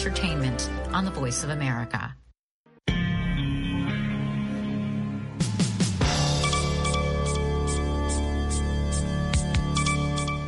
Entertainment on the Voice of America.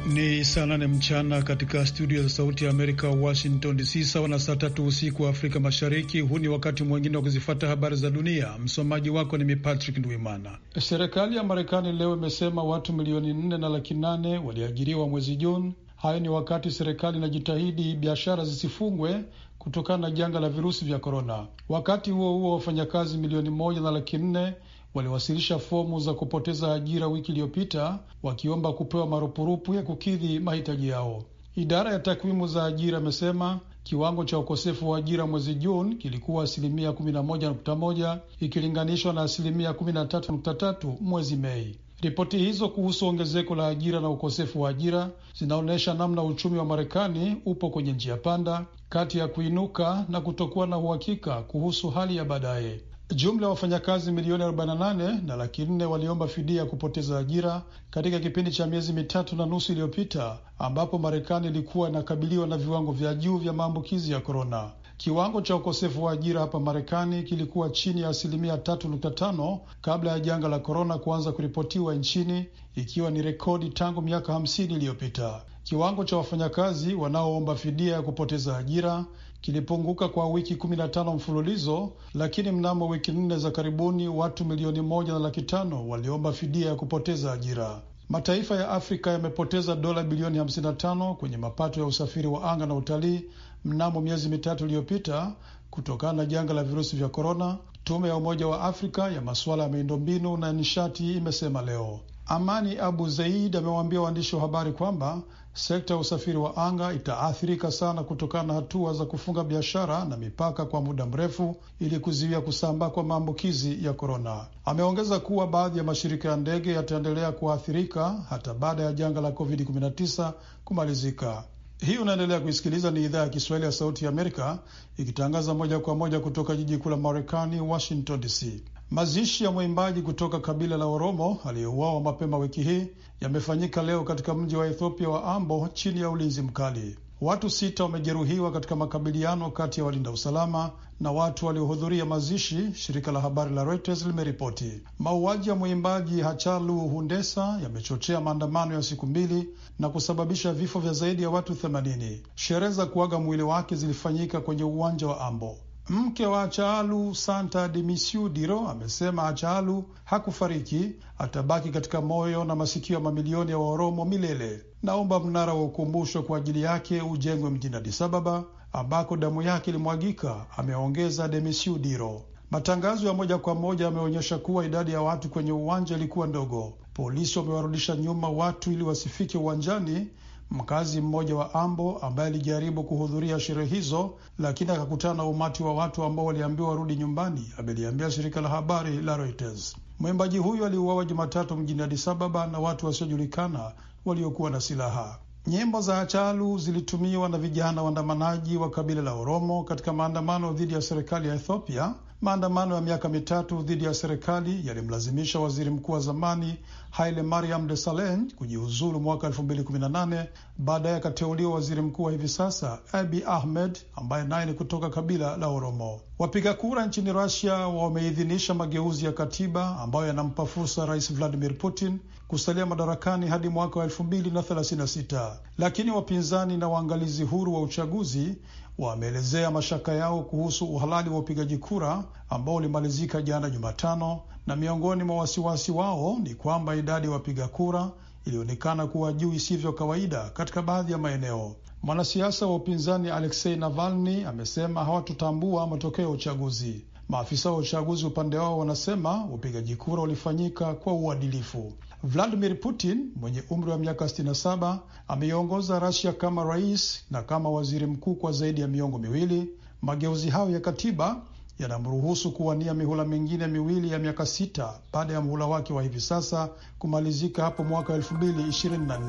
Ni saa nane mchana katika studio za Sauti ya Amerika, Washington DC, sawa na saa tatu usiku wa Afrika Mashariki. Huu ni wakati mwingine wa kuzifata habari za dunia. Msomaji wako ni Mipatrick Ndwimana. Serikali ya Marekani leo imesema watu milioni nne na laki nane waliajiriwa mwezi Juni Hayo ni wakati serikali inajitahidi biashara zisifungwe kutokana na janga la virusi vya korona. Wakati huo huo, wafanyakazi milioni moja na laki nne waliwasilisha fomu za kupoteza ajira wiki iliyopita wakiomba kupewa marupurupu ya kukidhi mahitaji yao. Idara ya takwimu za ajira imesema kiwango cha ukosefu wa ajira mwezi Juni kilikuwa asilimia 11.1 ikilinganishwa na asilimia 13.3 mwezi Mei. Ripoti hizo kuhusu ongezeko la ajira na ukosefu wa ajira zinaonyesha namna uchumi wa Marekani upo kwenye njia panda kati ya kuinuka na kutokuwa na uhakika kuhusu hali ya baadaye. Jumla ya wafanyakazi milioni 48 na laki nne waliomba fidia ya kupoteza ajira katika kipindi cha miezi mitatu na nusu iliyopita, ambapo Marekani ilikuwa inakabiliwa na viwango vya juu vya maambukizi ya korona. Kiwango cha ukosefu wa ajira hapa Marekani kilikuwa chini ya asilimia 35 kabla ya janga la korona kuanza kuripotiwa nchini, ikiwa ni rekodi tangu miaka 50 iliyopita. Kiwango cha wafanyakazi wanaoomba fidia ya kupoteza ajira kilipunguka kwa wiki 15 mfululizo, lakini mnamo wiki nne za karibuni watu milioni moja na laki tano waliomba fidia ya kupoteza ajira. Mataifa ya Afrika yamepoteza dola bilioni 55 kwenye mapato ya usafiri wa anga na utalii mnamo miezi mitatu iliyopita kutokana na janga la virusi vya korona, tume ya Umoja wa Afrika ya masuala ya miundombinu na nishati imesema leo. Amani Abu Zeid amewaambia waandishi wa habari kwamba sekta ya usafiri wa anga itaathirika sana kutokana na hatua za kufunga biashara na mipaka kwa muda mrefu ili kuzuia kusambaa kwa maambukizi ya korona. Ameongeza kuwa baadhi ya mashirika ya ndege yataendelea kuathirika hata baada ya janga la COVID-19 kumalizika. Hii unaendelea kuisikiliza ni idhaa ya Kiswahili ya Sauti ya Amerika ikitangaza moja kwa moja kutoka jiji kuu la Marekani, Washington DC. Mazishi ya mwimbaji kutoka kabila la Oromo aliyeuawa mapema wiki hii yamefanyika leo katika mji wa Ethiopia wa Ambo chini ya ulinzi mkali. Watu sita wamejeruhiwa katika makabiliano kati ya walinda usalama na watu waliohudhuria mazishi, shirika la habari la Reuters limeripoti. Mauaji ya mwimbaji Hachalu Hundesa yamechochea maandamano ya siku mbili na kusababisha vifo vya zaidi ya watu 80. Sherehe za kuaga mwili wake zilifanyika kwenye uwanja wa Ambo. Mke wa Achaalu, Santa Demisu Diro, amesema achalu hakufariki, atabaki katika moyo na masikio ya mamilioni ya Waoromo milele. Naomba mnara wa ukumbusho kwa ajili yake ujengwe mjini Addis Ababa ambako damu yake ilimwagika, ameongeza Demisu Diro. Matangazo ya moja kwa moja yameonyesha kuwa idadi ya watu kwenye uwanja ilikuwa ndogo. Polisi wamewarudisha nyuma watu ili wasifike uwanjani mkazi mmoja wa Ambo ambaye alijaribu kuhudhuria sherehe hizo lakini akakutana na umati wa watu ambao waliambiwa warudi nyumbani, ameliambia shirika la habari la Reuters. Mwimbaji huyo aliuawa Jumatatu mjini Addis Ababa na watu wasiojulikana waliokuwa na silaha. Nyimbo za achalu zilitumiwa na vijana waandamanaji wa kabila la Oromo katika maandamano dhidi ya serikali ya Ethiopia. Maandamano ya miaka mitatu dhidi ya serikali yalimlazimisha waziri mkuu wa zamani Haile Mariam Salen kujiuzulu mwaka 2018 baadaye akateuliwa waziri mkuu wa hivi sasa Abi Ahmed ambaye naye ni kutoka kabila la Oromo. Wapiga kura nchini Rusia wameidhinisha mageuzi ya katiba ambayo yanampa fursa Rais Vladimir Putin kusalia madarakani hadi mwaka wa 2036, lakini wapinzani na waangalizi huru wa uchaguzi wameelezea mashaka yao kuhusu uhalali wa upigaji kura ambao ulimalizika jana Jumatano na miongoni mwa wasiwasi wao ni kwamba idadi ya wapiga kura ilionekana kuwa juu isivyo kawaida katika baadhi ya maeneo. Mwanasiasa wa upinzani Aleksei Navalni amesema hawatotambua matokeo ya uchaguzi. Maafisa wa uchaguzi upande wao wanasema upigaji kura ulifanyika kwa uadilifu. Vladimir Putin mwenye umri wa miaka 67 ameiongoza Rasia kama rais na kama waziri mkuu kwa zaidi ya miongo miwili. Mageuzi hayo ya katiba yanamruhusu kuwania mihula mingine miwili ya miaka sita baada ya mhula wake wa hivi sasa kumalizika hapo mwaka 2024.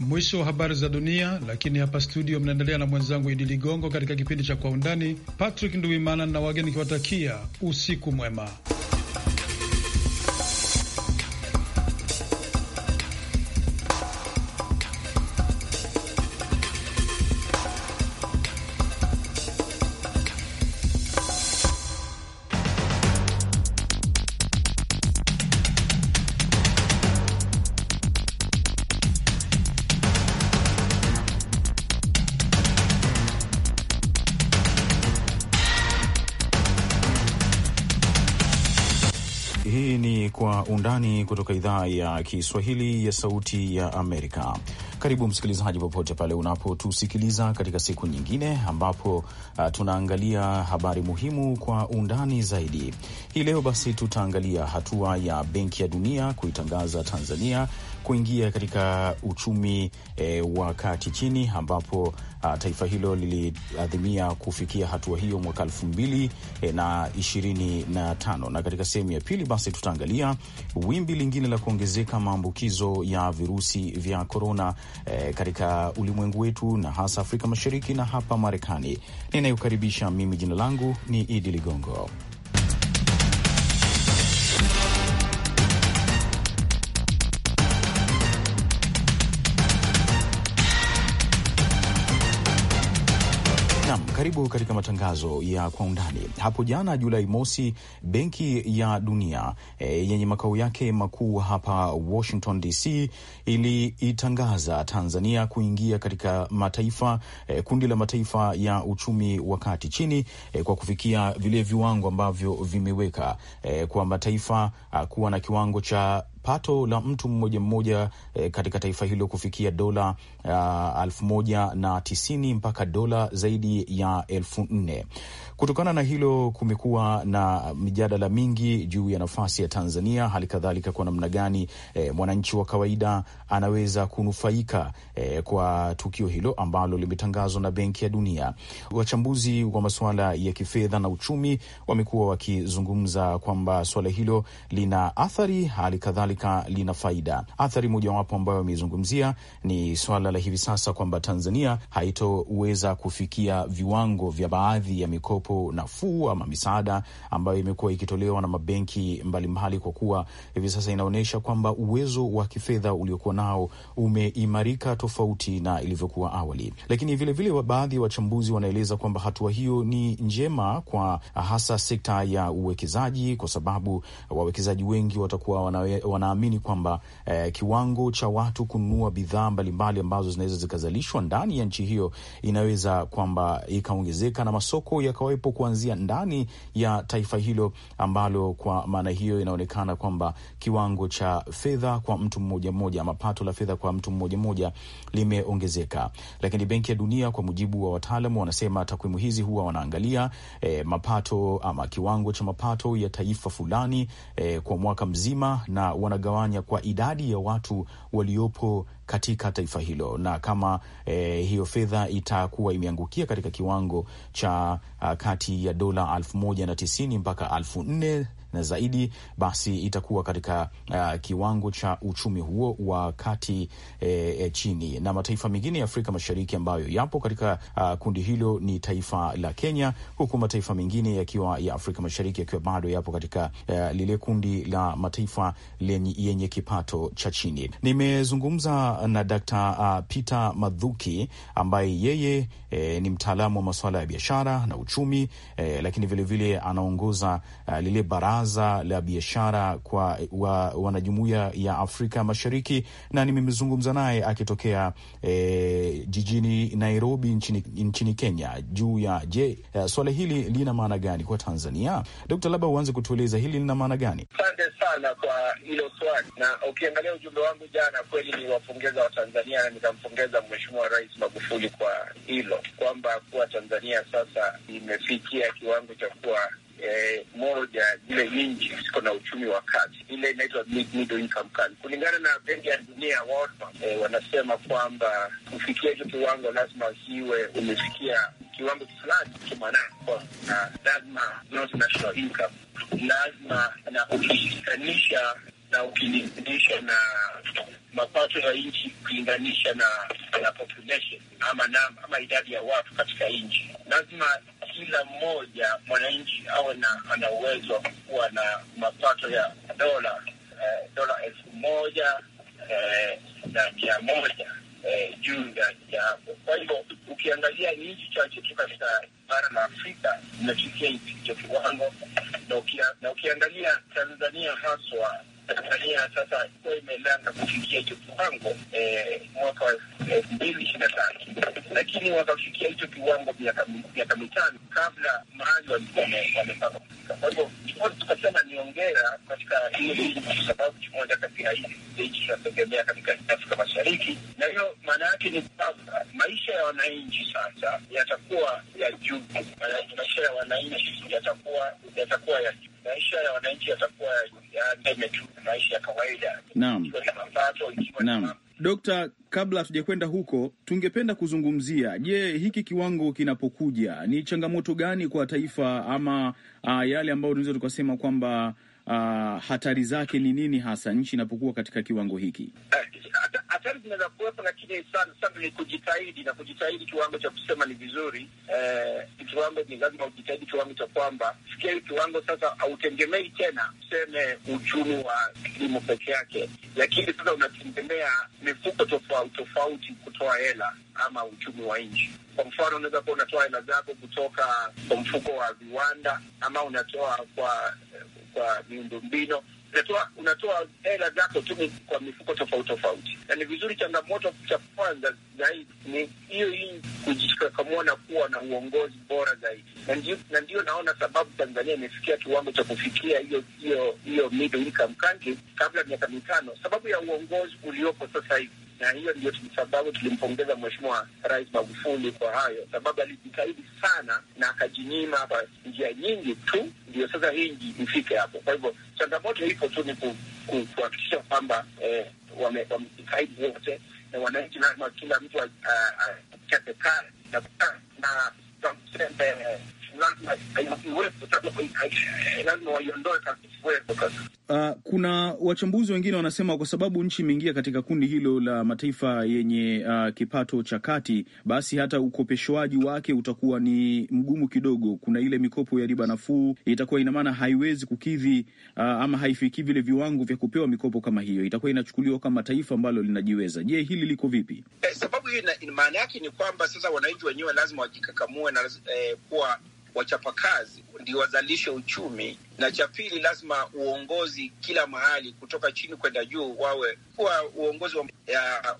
Mwisho wa habari za dunia, lakini hapa studio mnaendelea na mwenzangu Idi Ligongo katika kipindi cha Kwa Undani. Patrick nduimana na wageni kiwatakia usiku mwema. kutoka idhaa ya Kiswahili ya Sauti ya Amerika. Karibu msikilizaji, popote pale unapotusikiliza katika siku nyingine ambapo uh, tunaangalia habari muhimu kwa undani zaidi. Hii leo basi tutaangalia hatua ya Benki ya Dunia kuitangaza Tanzania kuingia katika uchumi eh, wa kati chini ambapo uh, taifa hilo liliadhimia kufikia hatua hiyo mwaka elfu mbili eh, na ishirini na tano. Na katika sehemu ya pili basi tutaangalia wimbi lingine la kuongezeka maambukizo ya virusi vya korona eh, katika ulimwengu wetu na hasa Afrika Mashariki na hapa Marekani. Ninayokaribisha mimi, jina langu ni Idi Ligongo. Karibu katika matangazo ya kwa undani. Hapo jana Julai mosi, Benki ya Dunia e, yenye makao yake makuu hapa Washington DC iliitangaza Tanzania kuingia katika mataifa e, kundi la mataifa ya uchumi wa kati chini e, kwa kufikia vile viwango ambavyo vimeweka e, kwa mataifa a, kuwa na kiwango cha pato la mtu mmoja mmoja e, katika taifa hilo kufikia dola uh, ah, elfu moja na tisini mpaka dola zaidi ya elfu nne. Kutokana na hilo kumekuwa na mijadala mingi juu ya nafasi ya Tanzania, hali kadhalika kwa namna gani e, mwananchi wa kawaida anaweza kunufaika e, kwa tukio hilo ambalo limetangazwa na Benki ya Dunia. Wachambuzi wa masuala ya kifedha na uchumi wamekuwa wakizungumza kwamba suala hilo lina athari, hali kadhalika kadhalika lina faida. Athari mojawapo ambayo ameizungumzia ni swala la hivi sasa kwamba Tanzania haitoweza kufikia viwango vya baadhi ya mikopo nafuu ama misaada ambayo imekuwa ikitolewa na mabenki mbalimbali, kwa kuwa hivi sasa inaonyesha kwamba uwezo wa kifedha uliokuwa nao umeimarika tofauti na ilivyokuwa awali. Lakini vilevile vile baadhi ya wa wachambuzi wanaeleza kwamba hatua hiyo ni njema kwa hasa sekta ya uwekezaji, kwa sababu wawekezaji wengi watakuwa wana wanaamini kwamba eh, kiwango cha watu kununua bidhaa mbalimbali ambazo zinaweza zikazalishwa ndani ya nchi hiyo inaweza kwamba ikaongezeka na masoko yakawepo kuanzia ndani ya taifa hilo, ambalo kwa maana hiyo inaonekana kwamba kiwango cha fedha kwa mtu mmoja mmoja ama pato la fedha kwa mtu mmoja mmoja limeongezeka. Lakini Benki ya Dunia, kwa mujibu wa wataalamu, wanasema takwimu hizi huwa wanaangalia eh, mapato ama kiwango cha mapato ya taifa fulani eh, kwa mwaka mzima na wanagawanya kwa idadi ya watu waliopo katika taifa hilo, na kama eh, hiyo fedha itakuwa imeangukia katika kiwango cha uh, kati ya dola elfu moja na tisini mpaka elfu nne na zaidi basi itakuwa katika uh, kiwango cha uchumi huo wa kati eh, eh, chini. Na mataifa mengine ya Afrika Mashariki ambayo yapo katika uh, kundi hilo ni taifa la Kenya, huku mataifa mengine yakiwa ya Afrika Mashariki yakiwa bado yapo katika uh, lile kundi la mataifa lenye, yenye kipato cha chini. Nimezungumza na Dkt. uh, Peter Madhuki ambaye yeye E, ni mtaalamu wa masuala ya biashara na uchumi e, lakini vilevile anaongoza uh, lile bara baraza la biashara kwa wa, wanajumuiya ya Afrika Mashariki, na nimezungumza naye akitokea e, jijini Nairobi nchini, nchini Kenya juu ya je, eh, swala hili lina maana gani kwa Tanzania? Dkt, labda uanze kutueleza hili lina maana gani? Asante sana kwa hilo swali, na ukiangalia ujumbe wangu jana, kweli niwapongeza Watanzania na nikampongeza Mheshimiwa Rais Magufuli kwa hilo kwamba kuwa Tanzania sasa imefikia kiwango cha kuwa eh, moja zile nchi ziko na uchumi wa kati, ile inaitwa middle income country. Kulingana na Benki ya Dunia World Bank, eh, wanasema kwamba kufikia hicho kiwango lazima ziwe umefikia kiwango fulani, kimaanako na lazima gross national income lazima, na ukishikanisha na ukilinganisha na mapato ya nchi kulinganisha na, na population ama, ama idadi ya watu katika nchi lazima kila mmoja mwananchi awe na ana uwezo wa kuwa na mapato ya dola eh, dola elfu moja eh, na mia moja eh, juu ya hapo. Kwa hivyo ukiangalia ni nchi chache tu katika bara la Afrika inafikia hicho kiwango, na ukiangalia Tanzania haswa Tanzania sasa ikuwa imelanga kufikia hicho kiwango eh, mwaka wa elfu mbili ishirini na tatu, lakini wakafikia hicho kiwango miaka mitano kabla mahali wamepaka kufika. Kwa hivyo tukasema ni ongera katika hiyo, kwa sababu kimoja kati ya nchi tunategemea katika Afrika Mashariki, na hiyo maana yake ni kwamba maisha ya wananchi sasa yatakuwa ya juu, maisha ya wananchi yatakuwa yatakuwa ya juu maisha ya wananchi yatakuwa yateme tu maisha ya kawaida, naam, na mapato ikiwa naam. Dokta, kabla hatujakwenda huko, tungependa kuzungumzia, je, hiki kiwango kinapokuja ni changamoto gani kwa taifa ama uh, yale ambayo tunaweza tukasema kwamba uh, hatari zake ni nini hasa nchi inapokuwa katika kiwango hiki? Hata hatari zinaweza kuwepo, lakini sana sana ni kujitahidi na kujitahidi kiwango cha kusema ni vizuri. Eh, kiwango ni lazima ujitahidi kiwango cha kwamba fikia hii kiwango sasa hautegemei tena tuseme uchumi wa kilimo peke yake, lakini sasa unategemea mifuko tofauti tofauti kutoa hela ama uchumi wa nchi. Kwa mfano, unaweza kuwa unatoa hela zako kutoka kwa mfuko wa viwanda ama unatoa kwa kwa miundo mbino unatoa unatoa hela zako tu kwa mifuko tofauti tofauti, na ni vizuri. Changamoto cha kwanza zaidi ni hiyo hii kujikakamua kuwa na uongozi bora zaidi, na ndio naona sababu Tanzania imefikia kiwango cha kufikia hiyo hiyo hiyo middle income country kabla miaka mitano, sababu ya uongozi uliopo sasa hivi na hiyo ndio sababu tulimpongeza Mheshimiwa Rais Magufuli kwa hayo, sababu alijitahidi sana na akajinyima kwa njia nyingi tu, ndio sasa hii ifike hapo. Kwa hivyo changamoto ipo tu ni kuhakikisha ku, kwamba eh, wamejitahidi wame, wote na wananchi, lazima kila mtu achapekana na Uh, kuna wachambuzi wengine wanasema kwa sababu nchi imeingia katika kundi hilo la mataifa yenye uh, kipato cha kati, basi hata ukopeshwaji wake utakuwa ni mgumu kidogo. Kuna ile mikopo ya riba nafuu itakuwa ina maana haiwezi kukidhi uh, ama haifikii vile viwango vya kupewa mikopo kama hiyo, itakuwa inachukuliwa kama taifa ambalo linajiweza. Je, hili liko vipi? Eh, sababu hii maana yake ni kwamba sasa wananchi wenyewe lazima wajikakamue na eh, kuwa wachapakazi ndio wazalishe uchumi na cha pili, lazima uongozi kila mahali kutoka chini kwenda juu wawe kuwa uongozi wa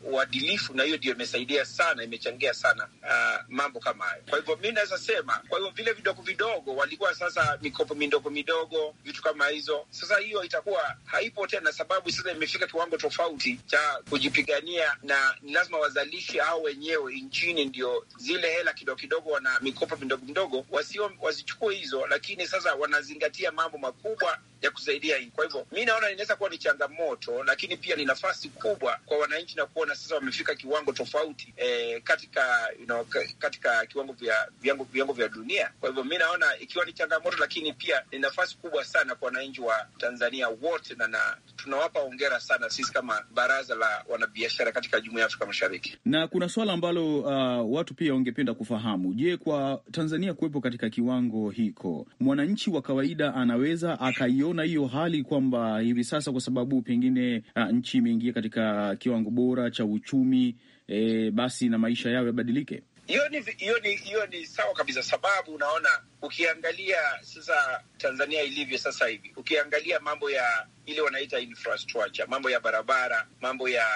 uadilifu, na hiyo ndio imesaidia sana, imechangia sana uh, mambo kama hayo. Kwa hivyo mi naweza sema, kwa hivyo vile vidogo vidogo walikuwa sasa mikopo midogo midogo, vitu kama hizo, sasa hiyo itakuwa haipo tena, sababu sasa imefika kiwango tofauti cha kujipigania, na ni lazima wazalishi au wenyewe nchini, ndio zile hela kidogo kidogo, wana mikopo midogo midogo, wasio wazichukue hizo, lakini sasa wanazingatia mambo makubwa ya kusaidia hii. Kwa hivyo mi naona inaweza kuwa ni changamoto, lakini pia ni nafasi kubwa kwa wananchi na kuona sasa wamefika kiwango tofauti eh, katika you know, katika kiwango vya viwango, viwango vya dunia. Kwa hivyo mi naona ikiwa ni changamoto, lakini pia ni nafasi kubwa sana kwa wananchi wa Tanzania wote na, na tunawapa hongera sana sisi kama baraza la wanabiashara katika jumuiya ya Afrika Mashariki. Na kuna swala ambalo uh, watu pia wangependa kufahamu, je, kwa Tanzania kuwepo katika kiwango hiko, mwananchi wa kawaida anaweza akaio unaiona hiyo hali kwamba hivi sasa kwa sababu pengine a, ah, nchi imeingia katika kiwango bora cha uchumi e, basi na maisha yao yabadilike? hiyo ni hiyo ni hiyo ni sawa kabisa, sababu unaona, ukiangalia sasa Tanzania ilivyo sasa hivi, ukiangalia mambo ya ile wanaita infrastructure, mambo ya barabara, mambo ya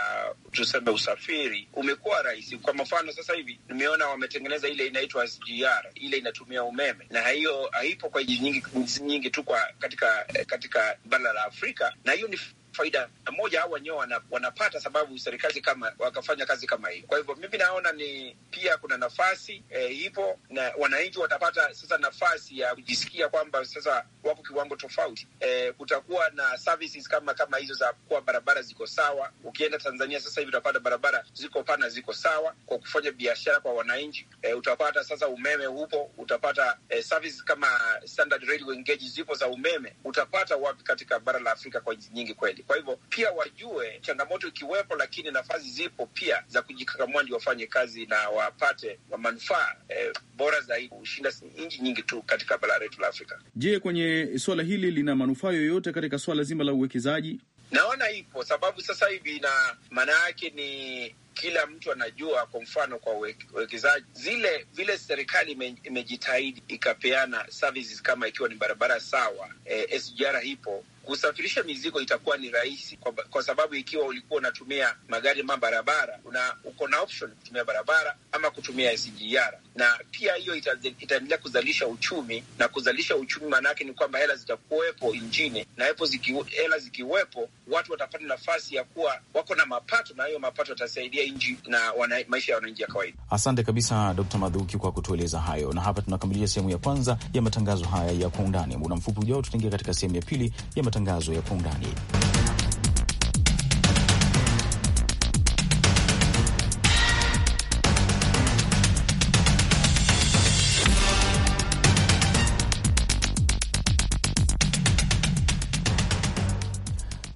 tuseme usafiri umekuwa rahisi. Kwa mfano sasa hivi nimeona wametengeneza ile inaitwa SGR, ile inatumia umeme, na hiyo haipo kwa nchi nyingi, nyingi tu kwa katika katika bara la Afrika, na hiyo ni faida moja au wenyewe wanapata, sababu serikali kama wakafanya kazi kama hiyo. Kwa hivyo mimi naona ni pia kuna nafasi e, ipo na wananchi watapata sasa nafasi ya kujisikia kwamba sasa wako kiwango tofauti. E, kutakuwa na services kama kama hizo za kuwa barabara ziko sawa. Ukienda Tanzania sasa hivi utapata barabara ziko pana, ziko sawa kwa kufanya biashara kwa wananchi. E, utapata sasa umeme upo, utapata e, services kama standard railway gauge zipo za umeme, utapata wapi katika bara la Afrika kwa nchi nyingi kweli. Kwa hivyo pia wajue changamoto ikiwepo, lakini nafasi zipo pia za kujikakamua, ndio wafanye kazi na wapate wa manufaa eh, bora zaidi kushinda nchi nyingi tu katika bara letu la Afrika. Je, kwenye swala hili lina manufaa yoyote katika swala zima la uwekezaji? Naona ipo sababu sasa hivi, na maana yake ni kila mtu anajua. Kwa mfano kwa uwekezaji zile vile, serikali imejitahidi ikapeana services kama ikiwa ni barabara sawa, eh, SGR hipo kusafirisha mizigo itakuwa ni rahisi kwa, kwa sababu ikiwa ulikuwa unatumia magari ma barabara una, uko na option kutumia barabara ama kutumia SGR, na pia hiyo itaendelea kuzalisha uchumi na kuzalisha uchumi, maanake ni kwamba hela zitakuwepo injini, na hapo ziki, hela zikiwepo watu watapata nafasi ya kuwa wako na mapato, na hiyo mapato yatasaidia ya nchi na wana, maisha ya wananchi ya kawaida. Asante kabisa Dkt. Madhuki kwa kutueleza hayo, na hapa tunakamilisha sehemu ya kwanza ya matangazo haya ya kwa undani. Muda mfupi ujao, tutaingia katika sehemu ya pili ya matangazo ya kwa undani.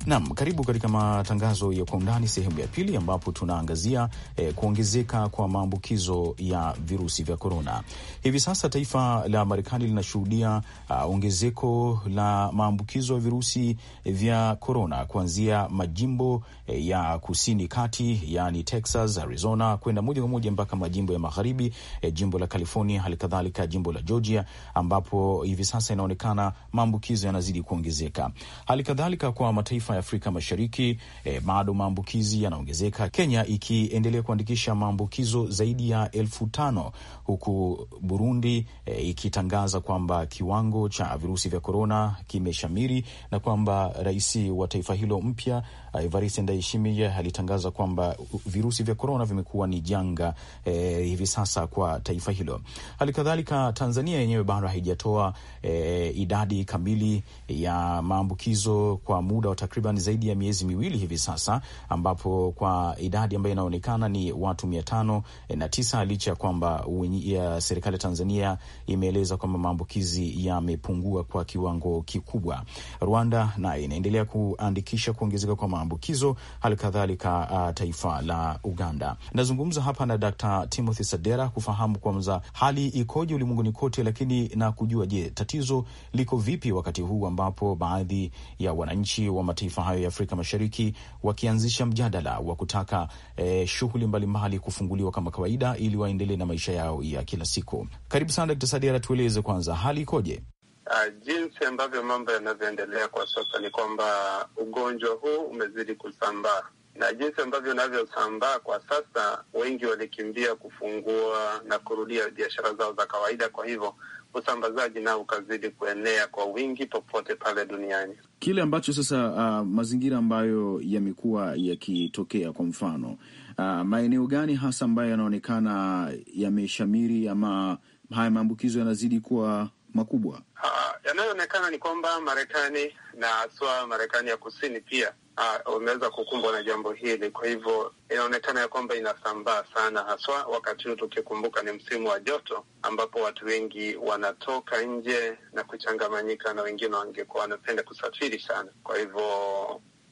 Naam, karibu katika matangazo ya kwa undani sehemu ya pili, ambapo tunaangazia eh, kuongezeka kwa maambukizo ya virusi vya korona. Hivi sasa taifa la Marekani linashuhudia uh, ongezeko la maambukizo ya virusi vya korona kuanzia majimbo eh, ya kusini kati, yani Texas, Arizona, kwenda moja kwa moja mpaka majimbo ya magharibi, eh, jimbo la California, halikadhalika jimbo la Georgia, ambapo hivi sasa inaonekana maambukizo yanazidi kuongezeka, halikadhalika kwa mataifa ya Afrika Mashariki e, bado maambukizi yanaongezeka, Kenya ikiendelea kuandikisha maambukizo zaidi ya elfu tano huku Burundi e, ikitangaza kwamba kiwango cha virusi vya korona kimeshamiri na kwamba rais wa taifa hilo mpya Evariste Ndayishimiye alitangaza kwamba virusi vya korona vimekuwa ni janga e, hivi sasa kwa taifa hilo. Hali kadhalika Tanzania yenyewe bado haijatoa e, idadi kamili ya maambukizo kwa muda wa takriban zaidi ya miezi miwili hivi sasa, ambapo kwa idadi ambayo inaonekana ni watu mia tano eh, na tisa licha ya kwamba serikali ya Tanzania imeeleza kwamba maambukizi yamepungua kwa kiwango kikubwa. Rwanda nayo inaendelea kuandikisha kuongezeka kwa maambukizo, kadhalika uh, taifa la Uganda. Nazungumza hapa na d Timothy Sadera kufahamu kwanza hali ikoje ulimwenguni kote, lakini na kujua, je, tatizo liko vipi wakati huu ambapo baadhi ya wananchi wa mataifa hayo ya Afrika Mashariki wakianzisha mjadala wa kutaka eh, shughuli mbalimbali kufunguliwa kama kawaida ili waendelee na maisha yao ya kila siku. Karibu sana d Sadera, tueleze kwanza hali ikoje? Uh, jinsi ambavyo mambo yanavyoendelea kwa sasa ni kwamba ugonjwa huu umezidi kusambaa, na jinsi ambavyo unavyosambaa kwa sasa, wengi walikimbia kufungua na kurudia biashara zao za kawaida. Kwa hivyo usambazaji nao ukazidi kuenea kwa wingi popote pale duniani. Kile ambacho sasa, uh, mazingira ambayo yamekuwa yakitokea, kwa mfano uh, maeneo gani hasa ambayo yanaonekana yameshamiri ama haya maambukizo yanazidi kuwa makubwa? Uh, yanayoonekana ni kwamba Marekani na haswa Marekani ya kusini pia ah, wameweza uh, kukumbwa na jambo hili. Kwa hivyo inaonekana ya kwamba inasambaa sana, haswa wakati huu tukikumbuka ni msimu wa joto, ambapo watu wengi wanatoka nje na kuchangamanyika, na wengine wangekuwa wanapenda kusafiri sana. Kwa hivyo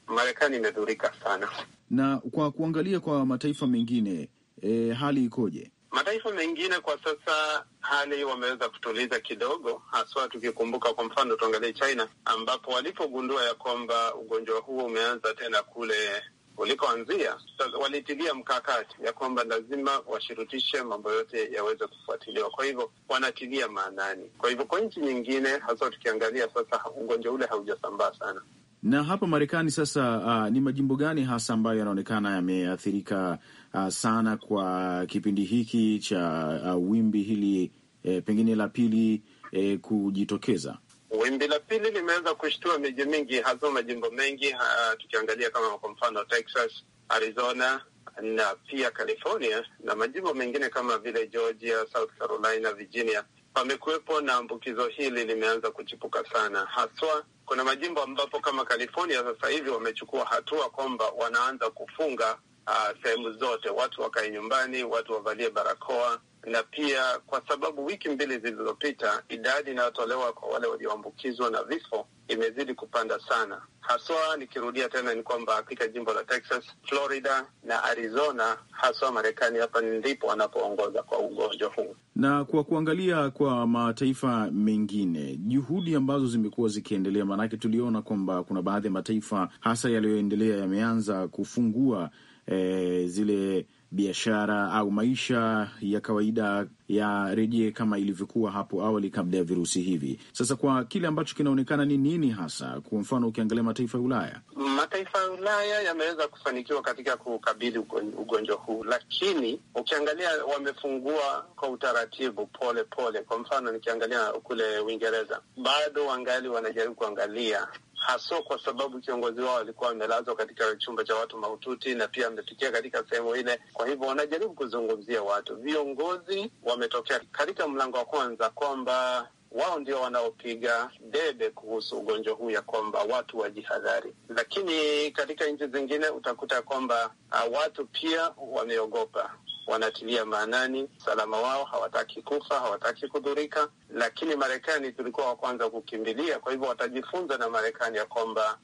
Marekani imedhurika sana. Na kwa kuangalia kwa mataifa mengine, e, hali ikoje? Mataifa mengine kwa sasa hali wameweza kutuliza kidogo, haswa tukikumbuka, kwa mfano tuangalie China ambapo walipogundua ya kwamba ugonjwa huo umeanza tena kule ulikoanzia walitilia mkakati ya kwamba lazima washurutishe mambo yote yaweze kufuatiliwa. Kwa hivyo wanatilia maanani. Kwa hivyo kwa nchi nyingine, hasa tukiangalia sasa, ugonjwa ule haujasambaa sana. Na hapa Marekani sasa, uh, ni majimbo gani hasa ambayo yanaonekana yameathirika uh, sana kwa kipindi hiki cha uh, wimbi hili eh, pengine la pili eh, kujitokeza? Wimbi la pili limeweza kushtua miji mingi, hasa majimbo mengi uh, tukiangalia kama kwa mfano Texas, Arizona na pia California na majimbo mengine kama vile Georgia, South Carolina, Virginia, pamekuwepo na ambukizo hili limeanza kuchipuka sana haswa kuna majimbo ambapo kama California sasa hivi wamechukua hatua kwamba wanaanza kufunga uh, sehemu zote, watu wakae nyumbani, watu wavalie barakoa na pia kwa sababu wiki mbili zilizopita idadi inayotolewa kwa wale walioambukizwa na vifo imezidi kupanda sana. Haswa nikirudia tena ni kwamba katika jimbo la Texas, Florida na Arizona, haswa Marekani hapa ndipo wanapoongoza kwa ugonjwa huu. Na kwa kuangalia kwa mataifa mengine, juhudi ambazo zimekuwa zikiendelea, maanake tuliona kwamba kuna baadhi ya mataifa hasa yaliyoendelea yameanza kufungua eh, zile biashara au maisha ya kawaida ya reje kama ilivyokuwa hapo awali kabla ya virusi hivi. Sasa kwa kile ambacho kinaonekana ni nini hasa, kwa mfano ukiangalia mataifa ya Ulaya, mataifa ya Ulaya yameweza kufanikiwa katika kukabili ugonjwa huu, lakini ukiangalia wamefungua kwa utaratibu pole pole. Kwa mfano nikiangalia kule Uingereza, bado wangali wanajaribu kuangalia haswa kwa sababu kiongozi wao alikuwa amelazwa katika chumba cha watu mahututi na pia amefikia katika sehemu ile. Kwa hivyo wanajaribu kuzungumzia watu, viongozi wametokea katika mlango wa kwanza kwamba wao ndio wanaopiga debe kuhusu ugonjwa huu, ya kwamba watu wajihadhari. Lakini katika nchi zingine utakuta kwamba uh, watu pia wameogopa wanatilia maanani usalama wao, hawataki kufa, hawataki kudhurika. Lakini Marekani tulikuwa wa kwanza kukimbilia, kwa hivyo watajifunza na Marekani ya kwamba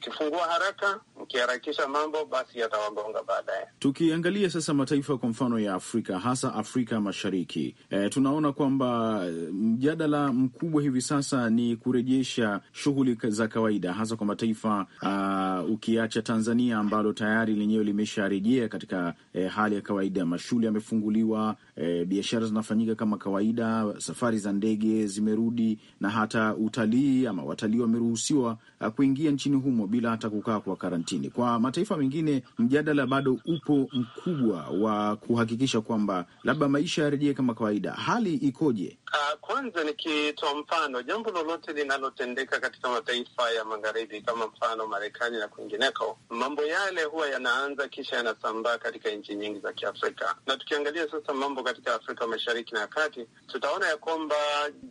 kifungua haraka ukiharakisha mambo basi yatawagonga baadaye. Tukiangalia sasa mataifa kwa mfano ya Afrika, hasa Afrika Mashariki, e, tunaona kwamba eh, mjadala mkubwa hivi sasa ni kurejesha shughuli za kawaida, hasa kwa mataifa uh, ukiacha Tanzania ambalo tayari lenyewe limesharejea katika e, hali ya kawaida, mashule yamefunguliwa, e, biashara zinafanyika kama kawaida, safari za ndege zimerudi na hata utalii ama watalii wameruhusiwa ah, kuingia nchini humo bila hata kukaa kwa karantini nchini. kwa mataifa mengine mjadala bado upo mkubwa wa kuhakikisha kwamba labda maisha yarejee kama kawaida. Hali ikoje? Uh, kwanza nikitoa mfano, jambo lolote linalotendeka katika mataifa ya magharibi kama mfano Marekani na kwingineko, mambo yale huwa yanaanza kisha yanasambaa katika nchi nyingi za Kiafrika. Na tukiangalia sasa mambo katika Afrika Mashariki na Kati, tutaona ya kwamba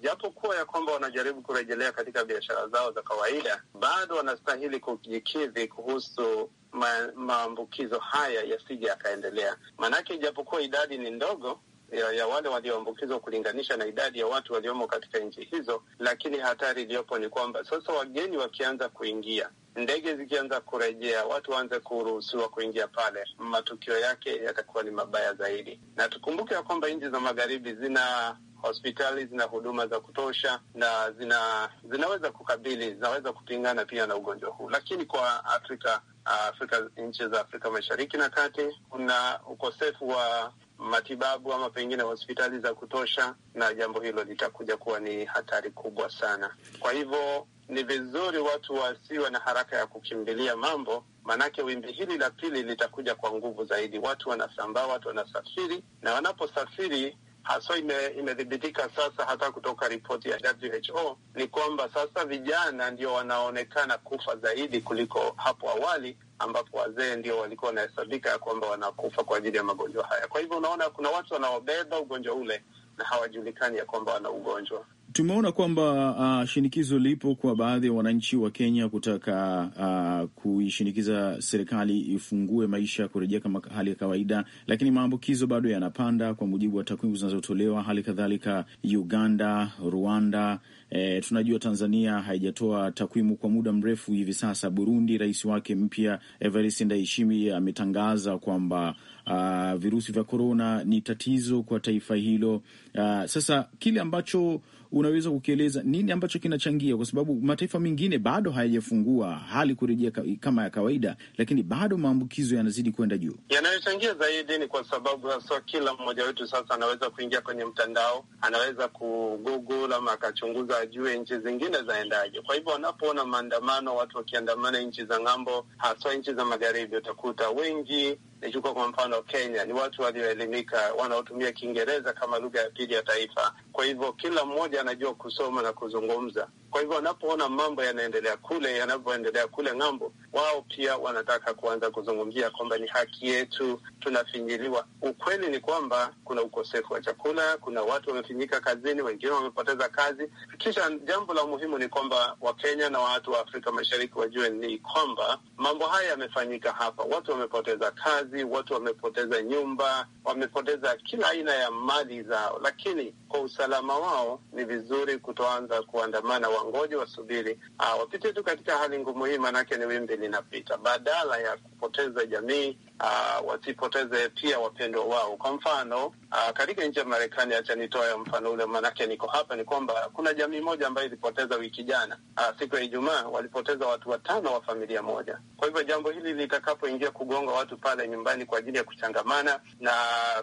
japokuwa ya kwamba wanajaribu kurejelea katika biashara zao za kawaida, bado wanastahili kujikidhi kuhusu kuhusu ma, maambukizo haya yasije yakaendelea, maanake ijapokuwa idadi ni ndogo ya, ya wale walioambukizwa kulinganisha na idadi ya watu waliomo katika nchi hizo, lakini hatari iliyopo ni kwamba sasa wageni wakianza kuingia, ndege zikianza kurejea, watu waanze kuruhusiwa kuingia pale, matukio yake yatakuwa ni mabaya zaidi. Na tukumbuke ya kwamba nchi za magharibi zina hospitali zina huduma za kutosha na zina zinaweza kukabili, zinaweza kupingana pia na ugonjwa huu, lakini kwa Afrika Afrika, nchi za Afrika Mashariki na Kati, kuna ukosefu wa matibabu ama pengine hospitali za kutosha, na jambo hilo litakuja kuwa ni hatari kubwa sana. Kwa hivyo ni vizuri watu wasiwe na haraka ya kukimbilia mambo, maanake wimbi hili la pili litakuja kwa nguvu zaidi. Watu wanasambaa, watu wanasafiri, na wanaposafiri haswa imethibitika ime sasa hata kutoka ripoti ya WHO ni kwamba sasa vijana ndio wanaonekana kufa zaidi kuliko hapo awali ambapo wazee ndio walikuwa wanahesabika ya kwamba wanakufa kwa ajili ya magonjwa haya. Kwa hivyo unaona kuna watu wanaobeba ugonjwa ule na hawajulikani ya kwamba wana ugonjwa tumeona kwamba uh, shinikizo lipo kwa baadhi ya wananchi wa Kenya kutaka uh, kuishinikiza serikali ifungue maisha ya kurejea kama hali ya kawaida, lakini maambukizo bado yanapanda kwa mujibu wa takwimu zinazotolewa. Hali kadhalika Uganda, Rwanda, eh, tunajua Tanzania haijatoa takwimu kwa muda mrefu hivi sasa. Burundi, rais wake mpya Evariste Ndayishimiye ametangaza kwamba Uh, virusi vya korona ni tatizo kwa taifa hilo. Uh, sasa kile ambacho unaweza kukieleza nini ambacho kinachangia? Kwa sababu mataifa mengine bado hayajafungua hali kurejea kama ya kawaida, lakini bado maambukizo yanazidi kwenda juu. Yanayochangia zaidi ni kwa sababu haswa kila mmoja wetu sasa anaweza kuingia kwenye mtandao, anaweza kugoogle ama akachunguza, ajue nchi zingine zaendaje. Kwa hivyo wanapoona maandamano, watu wakiandamana nchi za ng'ambo, haswa nchi za magharibi, utakuta wengi Nichukua kwa mfano Kenya, ni watu walioelimika wanaotumia Kiingereza kama lugha ya pili ya taifa, kwa hivyo kila mmoja anajua kusoma na kuzungumza. Kwa hivyo wanapoona mambo yanaendelea kule, yanavyoendelea kule ng'ambo, wao pia wanataka kuanza kuzungumzia kwamba ni haki yetu, tunafinyiliwa. Ukweli ni kwamba kuna ukosefu wa chakula, kuna watu wamefinyika kazini, wengine wamepoteza kazi. Kisha jambo la muhimu ni kwamba Wakenya na watu wa Afrika Mashariki wajue ni kwamba mambo haya yamefanyika hapa, watu wamepoteza kazi, watu wamepoteza nyumba, wamepoteza kila aina ya mali zao, lakini kwa usalama wao, ni vizuri kutoanza kuandamana. Wangoje, wasubiri ah, wapite tu katika hali ngumu hii, maanake ni wimbi linapita, badala ya kupoteza jamii uh, wasipoteze pia wapendwa wao. Kwa mfano uh, katika nchi ya Marekani, hacha nitoe mfano ule, maanake niko hapa, ni kwamba kuna jamii moja ambayo ilipoteza wiki jana, uh, siku ya Ijumaa, walipoteza watu watano wa familia moja. Kwa hivyo jambo hili litakapoingia kugonga watu pale nyumbani kwa ajili ya kuchangamana na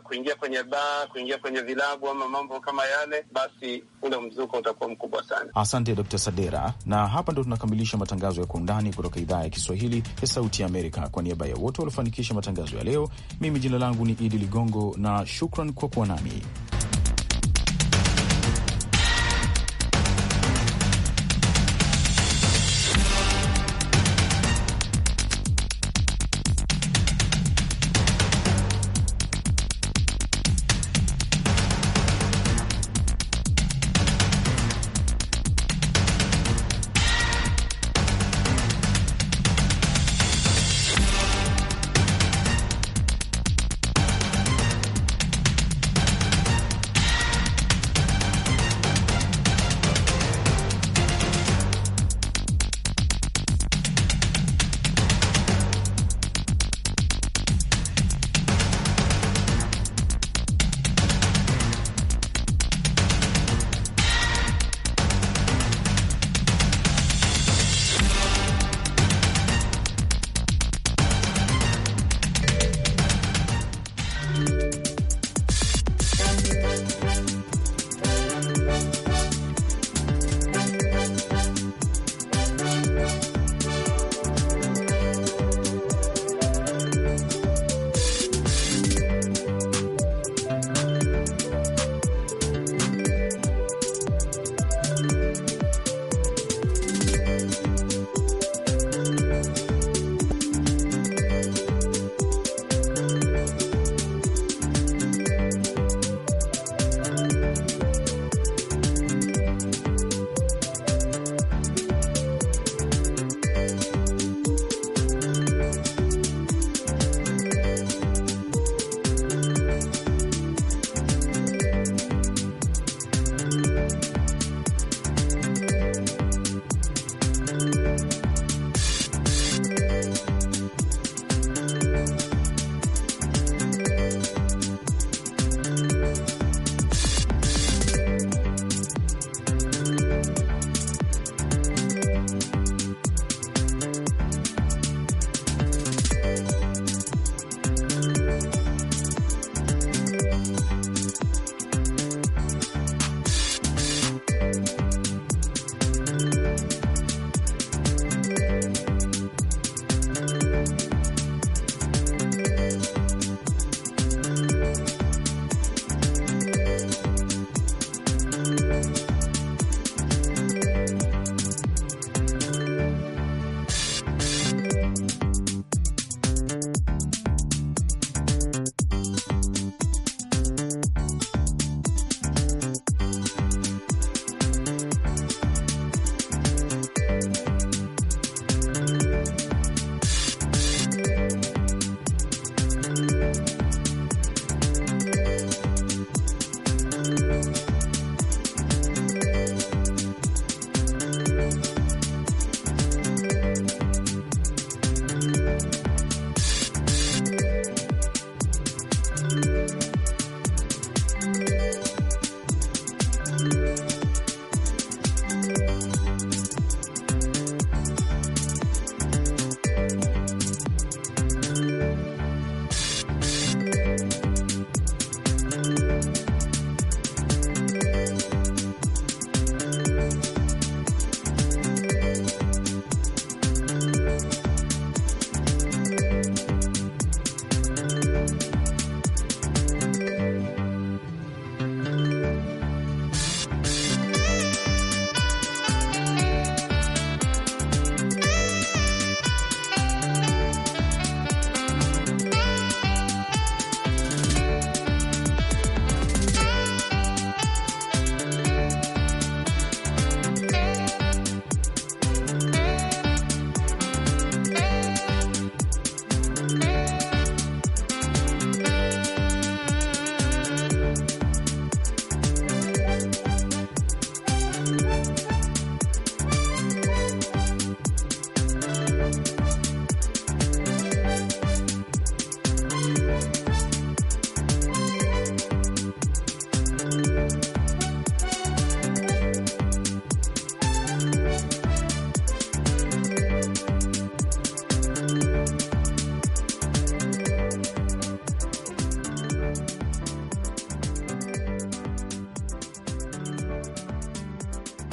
kuingia kwenye baa, kuingia kwenye vilabu ama mambo kama yale, basi ule mzuko utakuwa mkubwa sana. Asante Dr. Sadera, na hapa ndo tunakamilisha matangazo ya kwa undani kutoka idhaa ya Kiswahili ya Sauti ya Amerika. Kwa niaba ya wote waliofanikisha matangazo ya leo. Mimi jina langu ni Idi Ligongo na shukran kwa kuwa nami.